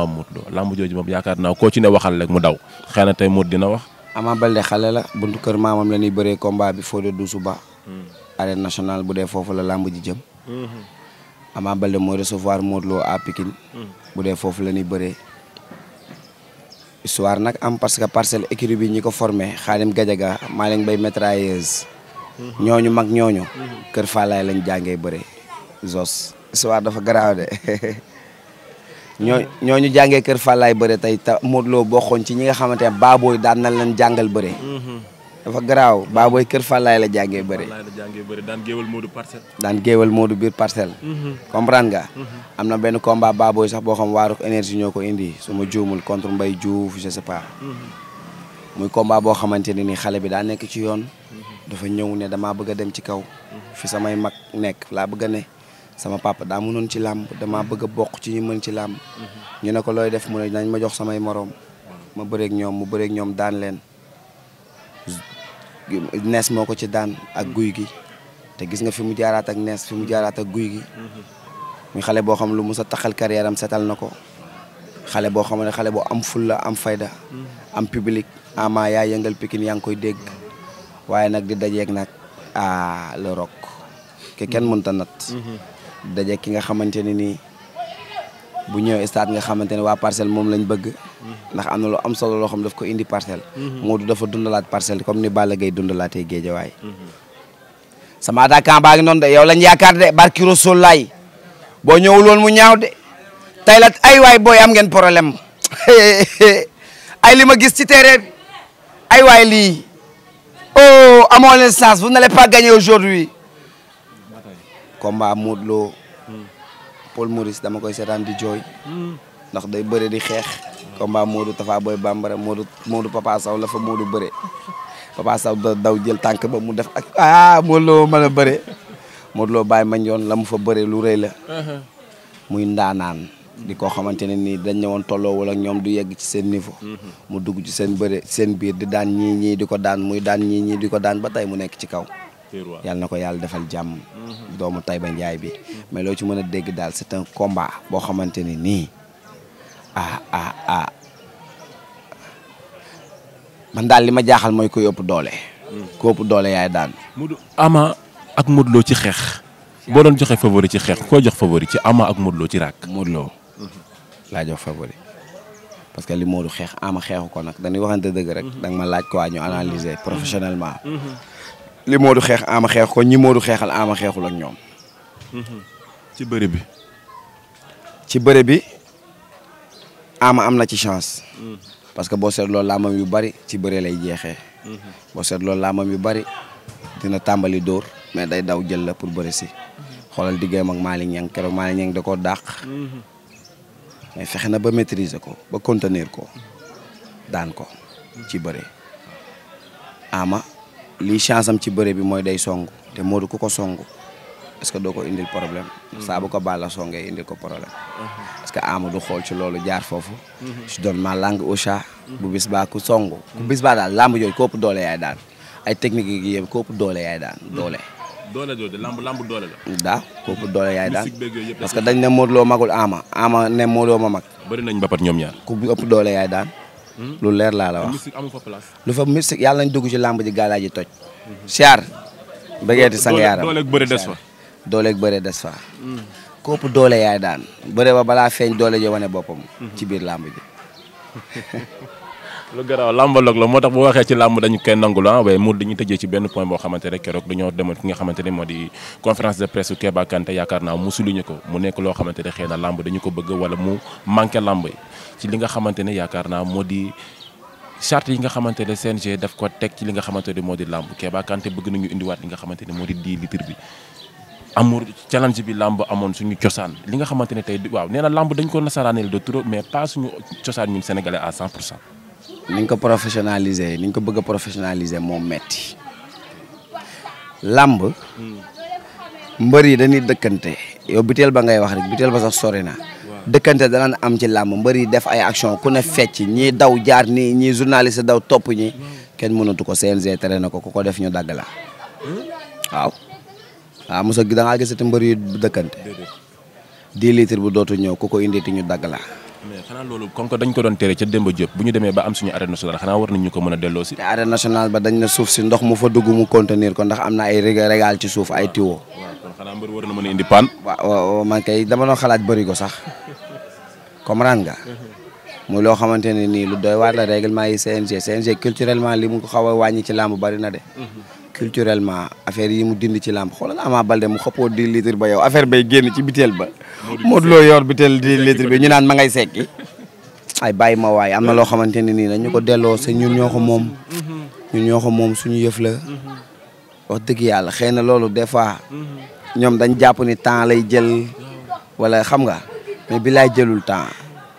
Ama Modou Lo lamb jooju moom yaakaar naa koo ci ne waxal rek mu daw xëy na tey Modou dina wax. Ama Baldé xale buntu kër maamam la bëree combat bi bu dee foofu la lamb ji jëm. Ama Baldé mooy recevoir Modou Lo à Pikine. bu dee foofu la ñuy bëree. histoire nag am parce que parcelle écurie bi ñu ko formé Xaadim Gajaga Malick Mbaye mitrailleuse. ñooñu mag ñooñu. Kër Fallaye lañ jàngee bëre. Zos histoire dafa garaaw de. ñoo ñooñu jàngee kër fallaay bëre tey te Modou Lo bokkoon ci ñi nga xamante ne baabooy daan na leen jàngal bëre. Mhm. dafa garaaw baabooy kër Fallaye la jàngee bëre. Fallaye la jàngee bëre daan géewal Modou parcelle. daan géewal biir parcelle. Mhm. comprendre nga. Mhm. am na benn combat baabooy sax boo xam waaruk énergie ñoo ko indi su ma juumul contre mbay Diouf je sais pas. muy combat boo xamante ne ni xale bi daa nekk ci yoon. dafa ñëw ne damaa bëgg a dem ci kaw. fi samay mag nekk laa bëgg ne. sama papa daa mënoon ci làmb dama bëgg a bokk ci ñu mën ci làmb ñu ne ko looy def mu ne nañ ma jox samay moroom ma bëreeg ñoom mu bëreeg ñoom daan leen nees moo ko ci daan ak guy gi te gis nga fi mu jaaraat ak nees fi mu jaaraat ak guy gi muy xale boo xam lu mu sa taxal carrière am setal na ko xale boo xam ne xale boo am fulla am fayda am public ama yaa yëngal pikin yaa ngi koy dégg waaye nag di dajeeg nag a ah, que kenn mënta natt. daje ki nga xamante ne nii bu ñëwee stade nga xamante ne waa parcelle moom lañ bëgg. ndax am na lu am solo loo xam daf ko indi parcelle. Modou dafa dundalaat parcelle comme ni Balla Gaye dundalaatee géejawaay. sama attaquant baa ngi noonu de yow lañ yaakaar de barki Rasul laay boo ñëwul woon mu ñaaw de tey la ay waay booy am ngeen problème ay li ma gis ci terrain bi ay waay lii oh amoo leen chance vous n'allez pas gagner aujourd'hui combat hmm. Modou Lo. Hmm. Paul Maurice dama koy seetaan di jooy. Hmm. ndax day bëre di xeex. combat Modou Tafa Boy Bambara Modou Modou Papa la fa Modou bëre. Papa Sow da daw jël tànk ba mu def ak ah Modou Lo mën a bëre. Modou la mu fa bëre lu rëy la. Uh-huh. muy ndaanaan. di ko xamante ne nii dañ ñëwoon tolloo wala ñoom du yegg ci seen niveau. Uh-huh. mu dugg ci seen bëre seen biir di daan ñii ñii di ko daan muy daan ñii ñii di ko daan ba tey mu nekk ci kaw. yal na ko yàlla defal jàmm. Mm-hmm. doomu Taïba njaay bi. mais loo ci mën a dégg daal c'est un combat boo xamante ni nii ah ah ah man daal li ma jaaxal mooy ko ëpp doole. Mm. ku ëpp doole yaay daan. Modou Ama ak Modou loo ci xeex. boo doon joxe favori ci xeex koo jox favori ci Ama ak Modou Lo ci raak. Modou loo mm-hmm. laa jox favori. parce que li Modou xeex Ama xeexu ko nag dañuy waxante dëgg rek. Mm-hmm. da ma laaj ko waa ñu analyser professionnellement. li Modou xeex ama xeex ko ñi xeexal ama xeexul ak ñoom. ci bëre ci bëre bi ama am na ci chance. parce que boo seet loolu laamam yu bari ci bëre lay jeexee. boo seet loolu laamam yu bari dina tàmbali dóor mais day daw jël la pour bëre si. xoolal diggéem ak Malick Niang keroog Malick Niang da koo dàq. mais fexe na ba maîtriser ko ba contenir ko daan ko ci bëre ama. li chance am ci bëre bi mooy day song te Modou ku ko song parce que doo ko indil problème. Mm-hmm. saa bu ko Balla songee indil ko problème. parce mm-hmm. que Ama du xool ci loolu jaar foofu. Mm-hmm. je donne ma langue au bu bis baa ku song. ku bis baa daal làmb jooju képp doole yaay daan ay technique yi yëpp doole yaay daal doole. doole jooju lamb lamb doole la. daa képp doole yaay daan parce que dañ ne Modou Lo magul Ama Ama ne Modou Lo ma mag. bëri nañ mbapat ñoom ñaar. ku ëpp doole yaay daal lu leer laa la wax. lu fa mystique yàlla nañ dugg ci làmb ji gaalaa ji toj. siyaar. bëggeeti sang yaaram dooleeg bëre des fa. dooleeg bëre des fa. Hmm. kopp doole yaay daan bëre ba balaa feeñ doole ji wane boppam. Hmm. ci biir làmb lu garaaw làmbaloog la moo tax bu waxee ci làmb dañu koy nangul ah waaye mu dañuy tëjee ci benn point boo xamante rek keroog dañoo demoon ki nga xamante ne moo di conférence de presse Keba Kanté yaakaar naa ko mu nekk loo xamante ne xëy na làmb ko bëgg wala mu manqué li nga xamante ne yaakaar naa moo di charte yi nga xamante ne CNG daf ko teg ci li nga xamante ne moo di làmb Keba Kanté bëgg nañu indiwaat li nga xamante ne moo di 10 litres bi amour challenge bi làmb amoon suñu cosaan li nga xamante ne tey waaw nee na làmb dañ ko nasaraaneel de trop mais pas suñu cosaan ñun sénégalais à 100 pour cent niñ ko professionnaliser niñ ko bëgg a professionnaliser moo metti làmb mbër yi dañuy dëkkante yow biteel ba ngay wax rek biteel ba sax sori na dëkkante danaan am ci làmb mbër yi def ay action ku ne fecc ñi daw jaar nii ñii journaliste daw topp ñi kenn mënatu ko CNG tere na ko ku ko def ñu daggala la waaw waaw mosa gi da ngaa gisati dëkkante 10 litres bu dootu ñëw ku ko indi ti ñu dagg la mais xanaa loolu comme dañ ko doon tere ca Demba Diop bu ñu demee ba am suñu arène nationale xanaa war nañ ñu ko mën a delloo si. te nationale ba dañ na suuf si ndox mu fa dugg mu contenir ko ndax am na ay régal ci suuf ay tiwo. waaw kon xanaa mbër war na mën a indi paan. waaw man kay dama doon xalaat bëri ko sax comprendre nga. muy loo xamante ne nii lu doy waar la yi CNG CNG culturellement li mu ko xaw a wàññi ci làmb bari na de. Mhm. culturellement affaire yi mu dindi ci làmb xoolal Ama Baldé mu xëppoo di litre ba yow affaire bay génn ci biteel ba Modou Lo yor biteel di litre bi ñu naan ma ngay sekki ay bàyyi ma waay am na loo xamante ne nii dañu ko delloo sa ñu ñoo ko moom ñun ñoo ko moom suñu yëf la wax dëgg yàlla xëy na loolu des fois ñoom dañ jàpp ni temps lay jël wala xam nga mais bi laay jëlul temps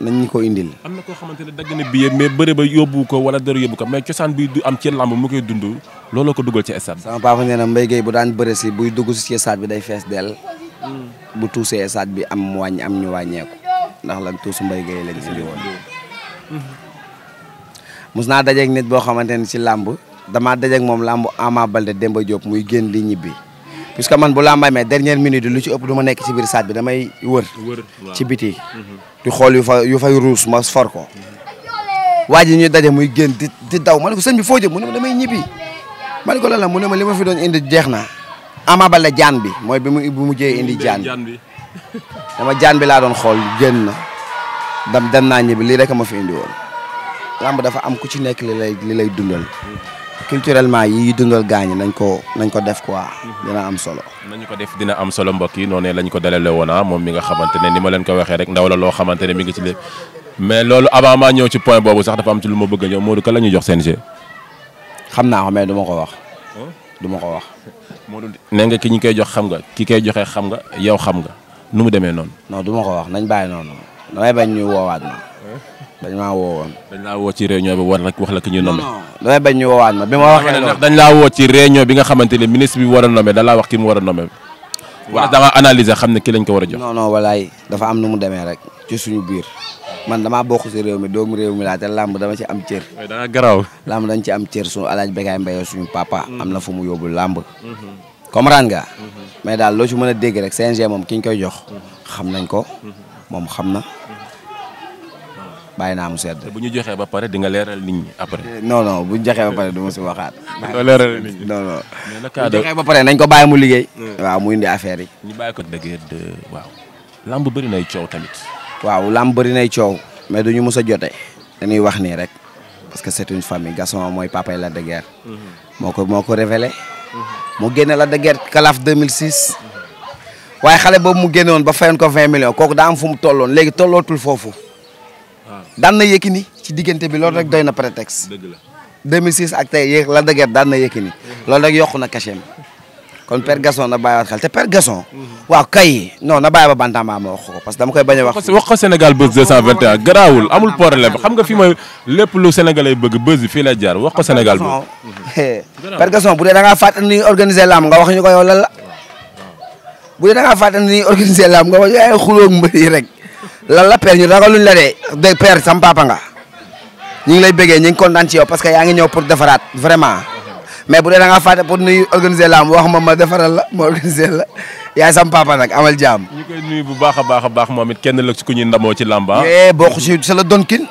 nañ ñu ko indil. am na koo xamante ne dagg na billet mais bëre ba yóbbu ko wala dara yóbbu ko mais cosaan bi du am ci làmb mu koy dund looloo ko dugal ci stade. sama papa nee na Mbaye Gueye bu daan bëre si buy dugg si stade bi day fees dell. Hmm. bu tuusee stade bi am wàññi am ñu wàññeeku ndax lan tuusu Mbaye Gueye lañ indi woon. Hmm. naa dajeeg nit boo xamante ne si làmb damaa dajeeg moom làmb Ama Balde Demba Diop muy génn di ñibbi. puisque man bu làmbaay mais dernière minute lu ci ëpp du ma nekk ci biir saat bi damay wër. ci biti. di xool yu fa yu fay ruus ma for ko. waa ji ñu daje muy génn di di daw ma ne ko sëñ bi foo mu ne damay ñibbi. ma ne ko lan la mu ne ma li ma fi doon indi jeex na. Ama Baldé jaan bi mooy bi mu bi mu jëyee indi jaan bi dama jaan bi laa doon xool génn na dam dem naa ñibbi lii rek ma fi indi dafa am ku ci nekk li lay lay dundal. culturellement yi dundal gaañ nañ ko nañ ko def quoi mhm. dina am solo. nañ ko def dina am solo mbokk yi noonu lañ ko dalalee woon ah, moom mi nga xamante ne ni ma leen ko waxee rek ndaw la loo xamante ne mi ngi ci lépp mais loolu avant maa ñëw ci point boobu sax dafa am ci lu ma bëgg a ñëw Modou kan la ñuy jox CNG. xam naa ko mais du ma ko wax. Oh? du ma ko wax. Modou nee nga ki ñu koy jox xam nga ki koy joxee xam nga yow xam nga nu mu demee noonu. non du ma ko wax nañ bàyyi noonu damay bañ ñu woowaat ma. dañ maa woo woon. dañ laa woo bi war nag wax la ki ñu nommé. damay bañ ñu woowaat ma bi ma waxee dañ laa woo ci réunion bi nga xamante ne bi war a da laa wax ki mu war a xam ne ki lañ ko war a jox. non non walaay dafa am nu mu demee rek ci suñu biir man damaa bokk réew mi doomu réew mi laa te làmb dama ci am cër. da nga garaaw. làmb dañ ci am cër suñu alaaj Bécaye Mbaye suñu papa. Mm-hmm. am na fu mu yóbbu làmb. Mm-hmm. comprendre nga. Mm-hmm. mais daal loo ci mën a dégg rek CNG moom ki ñu koy jox. bàyyi naa mu bu ñu joxee ba pare di nga leeral nit après. Eh, non non bu ñu joxee ba pare du ma si waxaat. doo leeral nit joxee ba pare nañ ko bàyyi mu liggéey. Hmm. waaw mu indi affaire yi. ñu bàyyi ko dëgg waaw. lamb bëri nay coow tamit. waaw lamb bëri nay coow. mais duñu mës a jote dañuy wax nii rek. parce que c'est une famille Gaston mooy papay Lac de Guiers. Hmm. moo ko moo ko révélé. Hmm. mu génne Lac de Guiers kalaaf 2006. waaye xale boobu mu génnoon ba fayoon ko 20 millions kooku daa am fu mu tolloon léegi tollootul foofu. daan na Yékini ci diggante bi loolu rek doy na prétexte. dëgg la ak tey la dëgër daan na Yékini loolu rek yokku na cachet kon Père Gasson na bàyyiwaat xel te Père Gasson. waaw kay non na bàyyi ba Bantamba ma wax ko parce que dama koy bañ a wax. wax ko Sénégal Buzz 221 garaawul amul problème xam nga fi mooy lépp lu sénégalais bëgg buzz bi fii lay jaar wax ko Sénégal. Père Gasson bu dee da ngaa fàttali organiser lamb nga wax ñu ko yow bu dee da ngaa fàttali ni organiser lamb nga wax yaay xulóog mbër rek lan la père ñu ragaluñ la de de sam papa nga ñu ngi lay bëggee ñu ngi ci yow parce que ñëw pour defaraat vraiment mais bu dee da ma ma defaral la ma organiser la yaay sam papa nag amal jaam. ñu koy nuyu bu baax a baax baax moom it kenn la ku ñuy ndamoo ci lamba. Ah. mais eh, bokk ci sa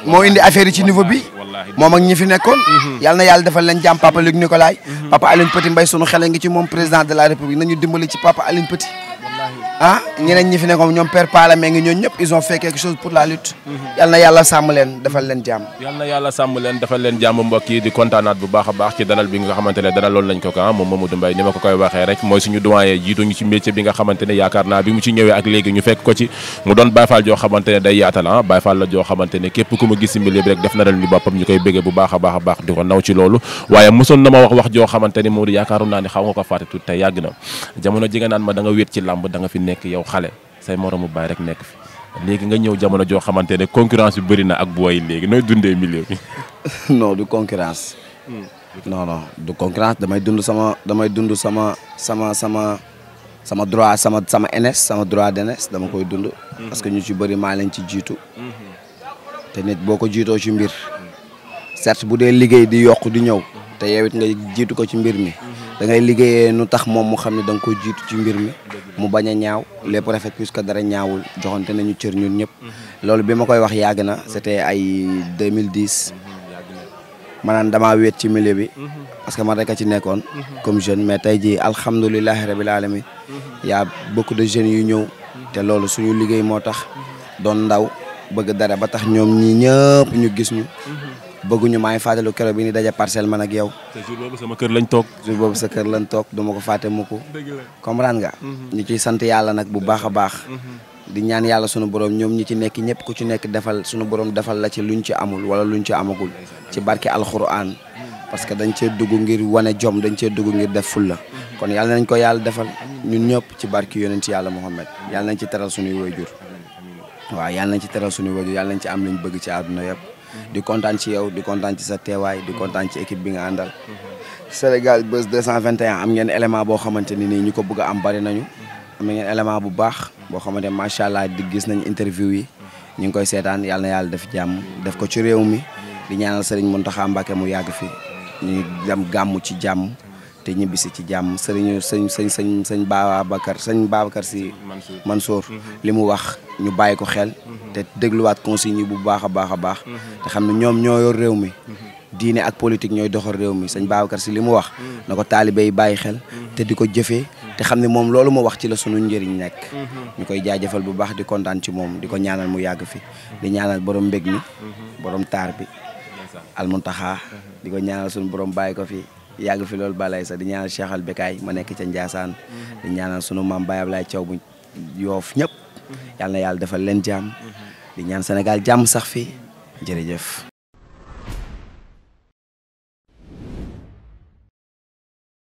moo indi affaire yi ci niveau bi. moom ak ñi fi nekkoon. Mhm. yàlla na yàlla defal leen jàmm papa Luc Nicolaï. Mhm. papa Aline Petit Mbaye sunu xel ci moom président de la république nañu dimbali ah ñeneen ñi fi nekkoon ñoom père Pala Mengi ñooñu ñëpp ils ont fait quelque leen defal leen jàmm. leen defal leen jàmm mbokk yi di kontaanaat bu baax a baax ci dalal bi nga xamante ne dalal lool lañ ko ka ah, moom Mamadou ma ne yaakaar naa bi mu ci ñëwee ak léegi ñu fekk ko ci mu doon Baye Fall joo day yaatal ah ku ma gis baax a baax a baax di ko naw ci loolu waaye mosoon na ma wax wax joo xamante ne Modou yaakaaru naa ne xaw nga ko fàtte tuuti tey yàgg na jamono ji naan ma da nga ci làmb nekk yow xale say mu baay rek nekk fi léegi nga ñëw jamono joo xamante ne concurrence bi bëri na ak bu way léegi nooy dundee milieu bi. du concurrence. Hmm. non non du concurrence damay dund sama damay dund sama sama sama sama droit sama sama NS sama droit d'NS dama koy dund. Hmm. parce que ñu ci bëri maa leen ci jiitu. Hmm. te nit boo ko jiitoo ci mbir. certes bu dee liggéey di yokk di ñëw. te yow nga jiitu ko ci mbir mi. da ngay liggéeyee nu tax moom mu xam ne da nga ko jiitu ci mbir mi mu bañ a ñaaw lépp rafet que dara ñaawul joxante nañu cër ñun ñëpp loolu bi ma koy wax yàgg na c'était ay 2010 maanaam damaa wéet ci milieu bi parce que man rek a ci nekkoon comme jeune mais tey jii alhamdulilahi rabil alamin y'a beaucoup de jeunes yu ñëw te loolu suñu liggéey moo tax doon ndaw bëgg dara ba tax ñoom ñi ñëpp ñu gis ñu bëgguñu maa ngi fàttaliku keroog bi ni daje parcelle man ak yow. te jour boobu sama kër lañ toog. jour boobu sa kër lañ toog duma ko fàtte mukk. dëgg la comprendre nga. Mhm. ñu ciy sant yàlla nag bu baax a baax. Mhm. di ñaan yàlla sunu borom ñoom ñi ci nekk ñëpp ku ci nekk defal sunu borom defal la ci lu ñu ci amul wala luñ ci amagul. ci barke alxuraan. parce que dañ cee dugg ngir wane jom dañ cee dugg ngir def fulla kon yàlla nañ ko yàlla defal ñun ñëpp ci barke yonent ci yàlla Muhammad yàlla nañ ci teral sunuy waajur waaw yàlla nañ ci teral sunuy waajur yàlla nañ ci am lañ bëgg ci àdduna yëpp di kontaan ci yow di kontaan ci sa teewaay di mm-hmm. kontaan ci équipe bi nga àndal. Sénégal Buzz 221 am ngeen élément boo xamante ni nii ñu ko bëgg a bari nañu. am ngeen bu baax boo xamante ne macha allah di gis nañ interview yi ñu ngi koy seetaan yàlla na yàlla def jàmm def ko ci réew mi di ñaanal Serigne Mountakha Mbacké mu yàgg fi ñu dem gàmm ci jàmm te ñibbisi ci jàmm Serigne sëñ sëñ sëñ sëñ Babacar sëñ Babacar si Mansour mm-hmm. li mu wax ñu bàyyi ko xel mm-hmm. te dégluwaat consigne yi bu baax a baax a baax xam ne ñoom ñoo réew mi mm-hmm. diine ak politique ñooy doxal réew mi sëñ kar si li mu wax mm-hmm. na ko taalibe yi bàyyi xel mm-hmm. te di ko jëfee te xam ne moom loolu moo wax ci la sunu njëriñ nekk ñu koy jaajafal bu baax di kontaan ci moom di ko ñaanal mu yàgg fi di ñaanal borom mbég mi boroom taar bi almuntaxaa di ko ñaanal sunu borom bàyyi ko fi yàgg fi loolu balay sax di ñaanal Cheikh al Bekaay ma nekk ca Ndiassane di ñaanal maam Baye Ablaye bu yoof ñëpp yàlla na yàlla defal leen jàmm di ñaan Sénégal jàmm sax fii jërëjëf